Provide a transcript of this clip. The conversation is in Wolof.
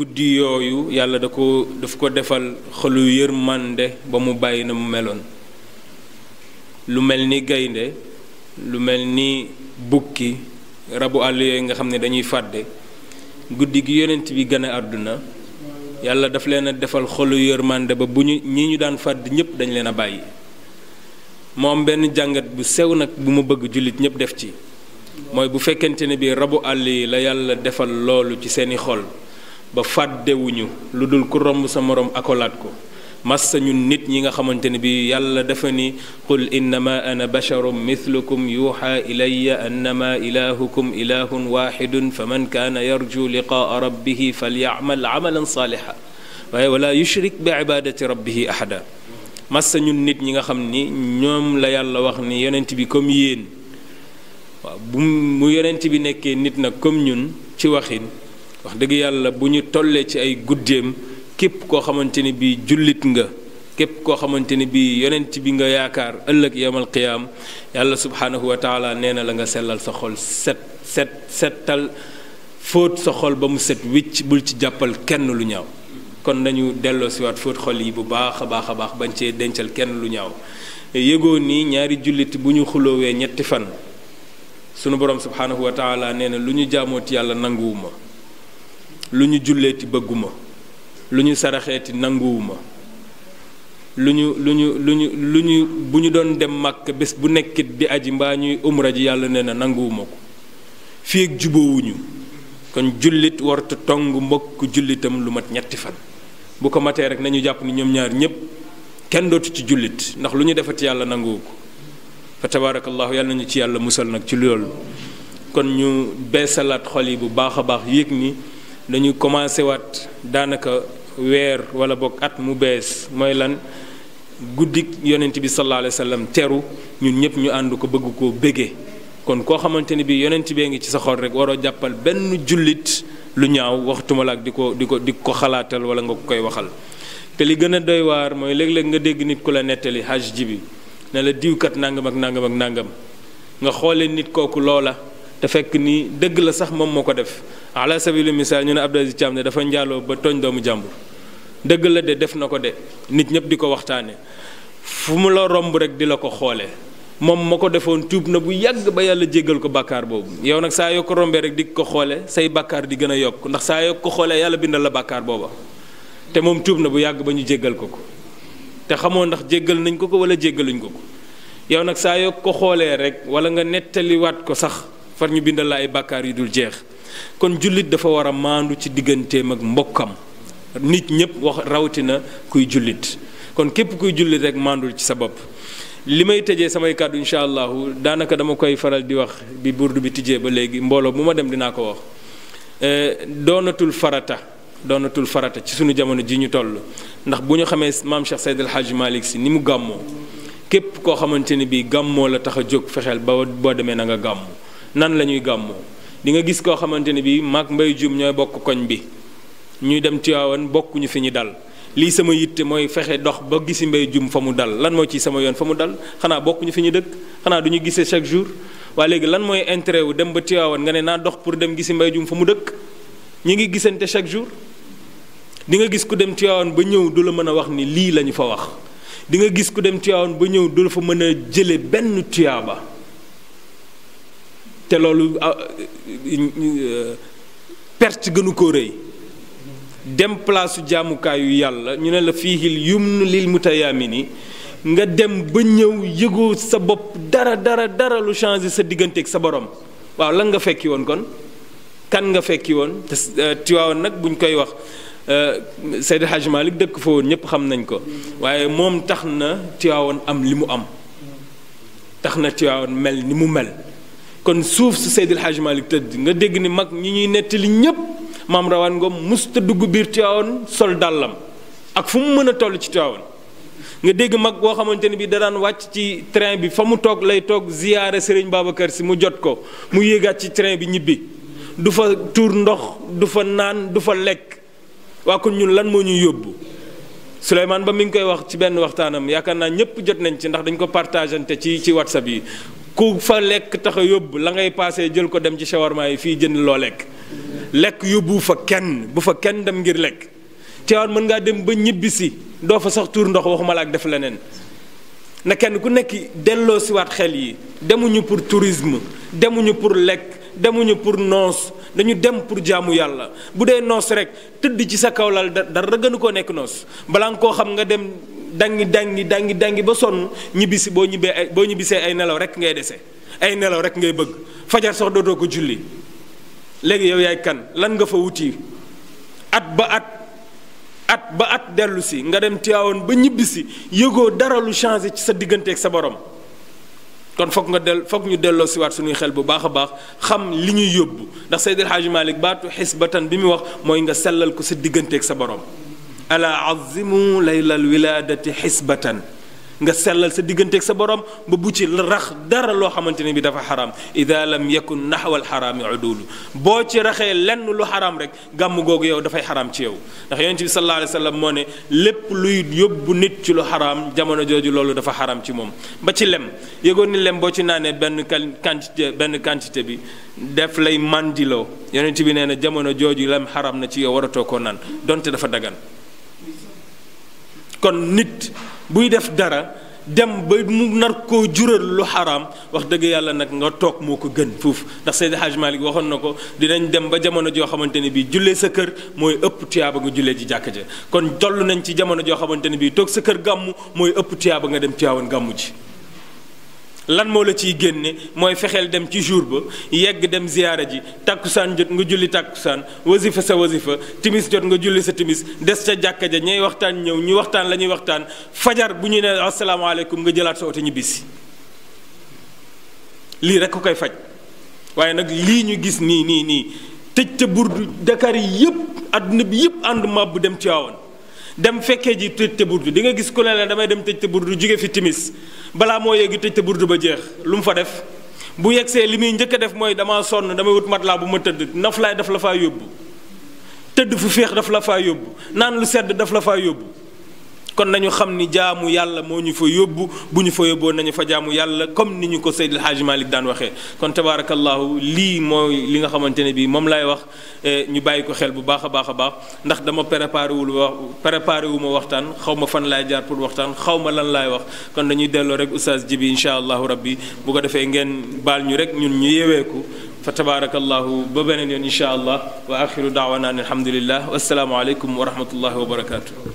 guddi yooyu yàlla da ko daf ko defal xolu yërmande ba mu bàyyi na mu meloon lu mel ni gaynde lu mel ni bukki rabu àll yooyu nga xam ne dañuy fàdde guddi gi yonent bi gën àdduna yàlla daf leen defal xolu yërmande ba bu ñu ñi ñu daan fàdd ñépp dañ leen a bàyyi moom benn jàngat bu sew nag bu mu bëgg jullit ñépp def ci mooy bu fekkente ne bi rabu àll yi la yàlla defal loolu ci seeni xol ba fàddewuñu lu dul ku romb sa moroom akolaat ko massa ñun nit ñi nga xamante ne bi yàlla dafa ni qul innama ana basharum mithlukum yuuxa ilayya annama ilahukum ilahun waaye wala yushrik bi ibadati nit ñi nga xam ni ñoom la yàlla wax ni yonent bi mu yonent bi nekkee nit na comme ñun ci waxin wax dëgg yàlla bu ñu tollee ci ay guddeem képp koo xamante ni bii jullit nga képp koo xamante ni bii yonent bi nga yaakaar ëllëg yamal qiyaam yàlla subhaanahu wa taala nee na la nga sellal sa xol set set settal fóot sa xol ba mu set wicc bul ci jàppal kenn lu ñaaw kon dañu delloo siwaat fóot xol yi bu baax a baax a baax bañ cee dencal kenn lu ñaaw yëgoo nii ñaari jullit bu ñu xuloowee ñetti fan sunu borom subhaanahu wa taala nee na lu ñu jaamooti yàlla nanguwuma lu ñu julleeti bëgguma lu ñu saraxeeti nanguwuma lu ñu lu ñu lu ñu lu ñu bu ñu doon dem màkk bés bu nekkit di aji mbaa ñuy umra ji yàlla nee na nanguwuma ko fii ak jubóowuñu kon jullit warta tong mbokk jullitam lu mat ñetti fan bu ko matee rek nañu jàpp ni ñoom ñaar ñépp kenn dootu ci jullit ndax lu ñu defati yàlla nanguwu ko fa tabaarakallaahu yàlla nañu ci yàlla musal nag ci loolu kon ñu beesalaat xol yi bu baax a baax yéeg ni dañu commencé waat daanaka weer wala boog at mu bees mooy lan guddik yonent bi sallallahu alayhi wa sallam teru ñun ñëpp ñu ànd ko bëgg koo bégee kon koo xamante ni bi yonent bee ngi ci sa xol rek waroo jàppal benn jullit lu ñaaw waxtuma la ak di ko di ko di ko xalaatal wala nga ko koy waxal te li gën a doy waar mooy léeg-léeg nga dégg nit ku la nettali hajj ji bi ne la diwkat nangam ak nangam ak nangam nga xoolee nit kooku loola te fekk ni dëgg la sax moom moo ko def ala sabili misaal ñu ne Abdou Aziz Thiam ne dafa njaaloo ba tooñ doomu jàmbur dëgg la de def na ko de nit ñëpp di ko waxtaane fu mu la romb rek di la ko xoolee moom ma ko defoon tuub na bu yàgg ba yàlla jéggal ko bàkkaar boobu yow nag saa yoo ko rombee rek di ko xoole say bàkkaar gën a yokk ndax saa ko xoolee yàlla bindal la bàkkaar booba te moom tuub na bu yàgg ba ñu jéggal ko ko te xamoon ndax jéggal nañ ko ko wala jéggaluñ ko ko yow nag saa yoo ko xoolee rek wala nga nettaliwaat ko sax far ñu bindal la ay bàkkaar yu dul jeex kon jullit dafa war a maandu ci digganteem ak mbokkam nit ñëpp wax rawatina kuy jullit kon képp kuy jullit rek maandul ci sa bopp. li may tëjee samay kàddu incha allahu daanaka dama koy faral di wax bi burdu bi tijjee ba léegi mbooloo bu ma dem dinaa ko wax eh, doonatul farata doonatul farata ci sunu jamono ji ñu toll ndax bu ñu xamee maam Cheikh Seydil Hadji Malick si ni mu gàmmoo képp koo xamante ni bii gàmmoo la tax a jóg fexeel ba boo demee na nga gàmmu nan la ñuy gàmmoo di nga gis koo xamante ne bii maag mbay jum ñooy bokk koñ bi ñuy dem Tiwaawan bokkuñu fi ñu dal lii sama yitte mooy fexe dox ba gisi mbay jum fa mu dal lan moo ci sama yoon fa mu dal xanaa bokkuñu fi ñu dëkk xanaa du gisee chaque jour waa léegi mooy intérêt wu dem ba Tiwaawan nga ne naa dox pour dem gisi mbay jum fa mu dëkk ñu ngi gisante chaque jour di nga gis ku dem Tiwaawan ba ñëw du la mën a wax ni lii la ñu fa wax di nga gis ku dem Tiwaawan ba ñëw du la fa mën a jële benn ba te loolu ah, euh, perte gënu ko rëy dem palaasu jaamukaayu yàlla ñu ne la fiihil yumn lil mutayaamini nga dem ba ñëw yëgoo sa bopp dara dara dara lu changé sa ak sa borom waaw lan nga fekki woon kon kan nga fekki woon euh, Tiwaawan nag buñ koy wax euh, Seydi Hajj Malik dëkk fa woon ñëpp xam nañ ko waaye moom tax na Tiwaawan am li mu am tax na Tiwaawan mel ni mu mel kon suuf su Seydil Hadj Malick tëdd nga dégg ni mag ñi ñuy nettali ñépp maam rawaan ngoom musta dugg biir Tiwaawan sol dàllam ak fu mu mën a toll ci Tiwaawan nga dégg mag boo xamante ni bii da daan wàcc ci train bi fa mu toog lay toog ziyaare Sëriñ Babacar si mu jot ko mu yéegaat ci train bi ñibbi du fa tuur ndox du fa naan du fa lekk waa kon ñun lan moo ñuy yóbbu Souleymane ba mu ngi koy wax ci benn waxtaanam yaakaar naa ñëpp jot nañ ci ndax dañ ko partagante ci ci WhatsApp yi ku fa lekk tax a yóbbu la ngay paase jël ko dem ci sa shawarma yi fii jënd loo lekk lekk yóbbu fa kenn bu fa kenn dem ngir lekk Tiwaawan mën ngaa dem ba ñibbi si doo fa sax tuur ndox waxuma la ak def leneen na kenn ku nekk delloo siwaat xel yi demuñu pour tourisme demuñu pour lekk demuñu pour noos dañu dem pour jaamu yàlla bu dee noos rek tëdd ci sa kaw lal dara gënu koo nekk noos balaa nga koo xam nga dem dangi dangi dangi dangi ba sonn ñibbisi boo ñibbee ay boo ñibbisee ay nelaw rek ngay dese ay nelaw rek ngay bëgg fajar sox dootoo ko julli léegi yow yaay kan lan nga fa wuti at ba at at ba at dellu si nga dem Tiwaawan ba ñibbisi yëgoo dara lu changé ci sa diggante ak sa borom kon foog nga dell foog ñu delloo siwaat suñuy xel bu baax a baax xam li ñuy yóbbu ndax Seydil Hadji Malick baatu xisbatan bi mu wax mooy nga sellal ko sa diggante ak sa borom ala azimu laylal wilaadati xisbatan nga sellal sa digganteeg sa borom ba bu ci rax dara loo xamante ne bi dafa xaraam ida lam yakun naxwal xaraami udulu boo ci raxee lenn lu xaraam rek gàmm googu yow dafay xaraam ci yow ndax yonent bi sallallahu alayhi wa moo ne lépp luy yóbbu nit ci lu xaraam jamono jooju loolu dafa xaraam ci moom ba ci lem yëgoon ni lem boo ci naanee benn quantité benn quantité bi def lay mandiloo yonent bi nee na jamono jooju lem xaram na ci yow waratoo koo naan donte dafa dagan kon nit buy def dara dem ba mu nar koo jural lu xaraam wax dëgg yàlla nag nga toog moo ko gën foofu ndax Seydi Hadj Malick waxoon na ko dinañ dem ba jamono joo xamante ne bii jullee sa kër mooy ëpp tuyaaba nga jullee ji jàkka ja kon toll nañ ci jamono joo xamante ne bii toog sa kër gàmmu mooy ëpp tuyaaba nga dem tuyaawoon gàmmu ji lan moo la ciy génne mooy fexeel dem ci jour ba yegg dem ziyaara ji tàkkusaan jot nga julli tàkkusaan wasifa sa wasifa timis jot nga julli sa timis des ca jàkka ja ñay waxtaan ñëw ñu waxtaan la ñuy waxtaan fajar bu ñu ne asalaamaaleykum nga jëlaat sa oto ñu lii rek koy faj waaye nag lii ñu gis nii nii nii tëj ca burdu Dakar yi yëpp àdduna bi yëpp ànd màbbu dem Tiwaawan dem fekkee ji tëj te burdu di nga gis ku ne la damay dem tëj te burdu jóge fi timis balaa moo yegg tëj te burdu ba jeex lu mu fa def bu yegsee li muy njëkk a def mooy damaa sonn damay wut mat laa bu ma tëdd naflaay daf la faa yóbbu tëdd fu féex daf la faa yóbbu naan lu sedd daf la faa yóbbu kon nañu xam ni jaamu yàlla moo ñu fa yóbbu bu ñu fa yóbboo nañu fa jaamu yàlla comme ni ñu ko Seydil Hadji Malick daan waxee kon tabaarakallaahu lii mooy li nga xamante ne bii moom laay wax eh, ñu bàyyi ko xel bu baax a baax a baax ndax dama préparé wul wax préparé wu ma waxtaan xaw ma fan laay jaar pour waxtaan xaw ma lan laay wax kon dañuy delloo rek oustaz jibi incha allahu rabbi bu ko defee ngeen baal ñu rek ñun ñu yeweeku fa tabaarakallahu ba beneen yoon incha allah wa axiru daawana an alhamdulillah wasalaamu aleykum wa rahmatullahi wa barakaatu.